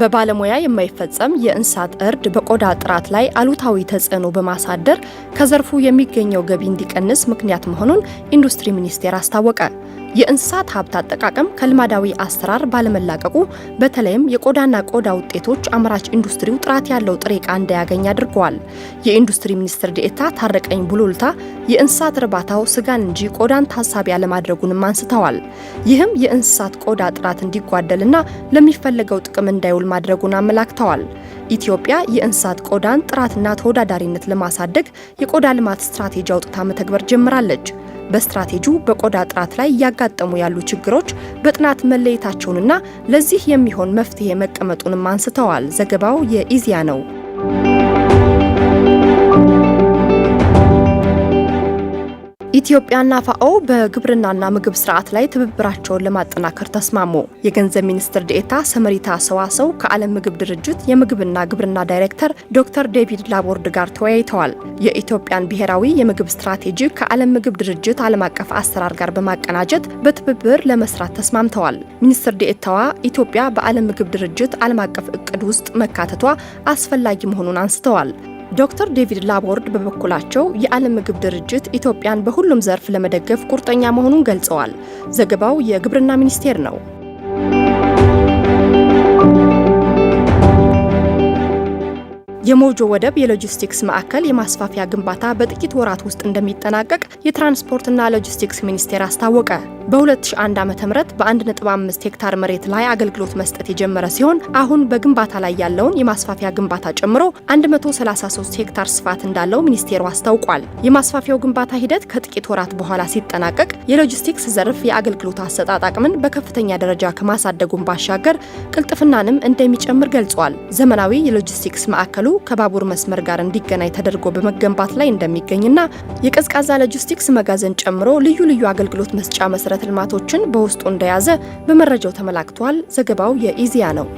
በባለሙያ የማይፈጸም የእንስሳት እርድ በቆዳ ጥራት ላይ አሉታዊ ተጽዕኖ በማሳደር ከዘርፉ የሚገኘው ገቢ እንዲቀንስ ምክንያት መሆኑን ኢንዱስትሪ ሚኒስቴር አስታወቀ። የእንስሳት ሀብት አጠቃቀም ከልማዳዊ አሰራር ባለመላቀቁ በተለይም የቆዳና ቆዳ ውጤቶች አምራች ኢንዱስትሪው ጥራት ያለው ጥሬ ዕቃ እንዳያገኝ አድርገዋል። የኢንዱስትሪ ሚኒስትር ዴኤታ ታረቀኝ ቡሉልታ የእንስሳት እርባታው ስጋን እንጂ ቆዳን ታሳቢ አለማድረጉንም አንስተዋል። ይህም የእንስሳት ቆዳ ጥራት እንዲጓደልና ለሚፈለገው ጥቅም እንዳይውል ማድረጉን አመላክተዋል። ኢትዮጵያ የእንስሳት ቆዳን ጥራትና ተወዳዳሪነት ለማሳደግ የቆዳ ልማት ስትራቴጂ አውጥታ መተግበር ጀምራለች። በስትራቴጂው በቆዳ ጥራት ላይ እያጋጠሙ ያሉ ችግሮች በጥናት መለየታቸውንና ለዚህ የሚሆን መፍትሄ መቀመጡንም አንስተዋል። ዘገባው የኢዚያ ነው። ኢትዮጵያና ፋኦ በግብርናና ምግብ ስርዓት ላይ ትብብራቸውን ለማጠናከር ተስማሙ። የገንዘብ ሚኒስትር ዴኤታ ሰመሪታ ሰዋሰው ከዓለም ምግብ ድርጅት የምግብና ግብርና ዳይሬክተር ዶክተር ዴቪድ ላቦርድ ጋር ተወያይተዋል። የኢትዮጵያን ብሔራዊ የምግብ ስትራቴጂ ከዓለም ምግብ ድርጅት ዓለም አቀፍ አሰራር ጋር በማቀናጀት በትብብር ለመስራት ተስማምተዋል። ሚኒስትር ዴኤታዋ ኢትዮጵያ በዓለም ምግብ ድርጅት ዓለም አቀፍ እቅድ ውስጥ መካተቷ አስፈላጊ መሆኑን አንስተዋል። ዶክተር ዴቪድ ላቦርድ በበኩላቸው የዓለም ምግብ ድርጅት ኢትዮጵያን በሁሉም ዘርፍ ለመደገፍ ቁርጠኛ መሆኑን ገልጸዋል። ዘገባው የግብርና ሚኒስቴር ነው። የሞጆ ወደብ የሎጂስቲክስ ማዕከል የማስፋፊያ ግንባታ በጥቂት ወራት ውስጥ እንደሚጠናቀቅ የትራንስፖርትና ሎጂስቲክስ ሚኒስቴር አስታወቀ። በ2001 ዓ.ም በ1.5 ሄክታር መሬት ላይ አገልግሎት መስጠት የጀመረ ሲሆን አሁን በግንባታ ላይ ያለውን የማስፋፊያ ግንባታ ጨምሮ 133 ሄክታር ስፋት እንዳለው ሚኒስቴሩ አስታውቋል። የማስፋፊያው ግንባታ ሂደት ከጥቂት ወራት በኋላ ሲጠናቀቅ የሎጂስቲክስ ዘርፍ የአገልግሎት አሰጣጥ አቅምን በከፍተኛ ደረጃ ከማሳደጉን ባሻገር ቅልጥፍናንም እንደሚጨምር ገልጿል። ዘመናዊ የሎጂስቲክስ ማዕከሉ ከባቡር መስመር ጋር እንዲገናኝ ተደርጎ በመገንባት ላይ እንደሚገኝና የቀዝቃዛ ሎጂስቲክስ መጋዘን ጨምሮ ልዩ ልዩ አገልግሎት መስጫ መሰረተ ልማቶችን በውስጡ እንደያዘ በመረጃው ተመላክቷል። ዘገባው የኢዚያ ነው።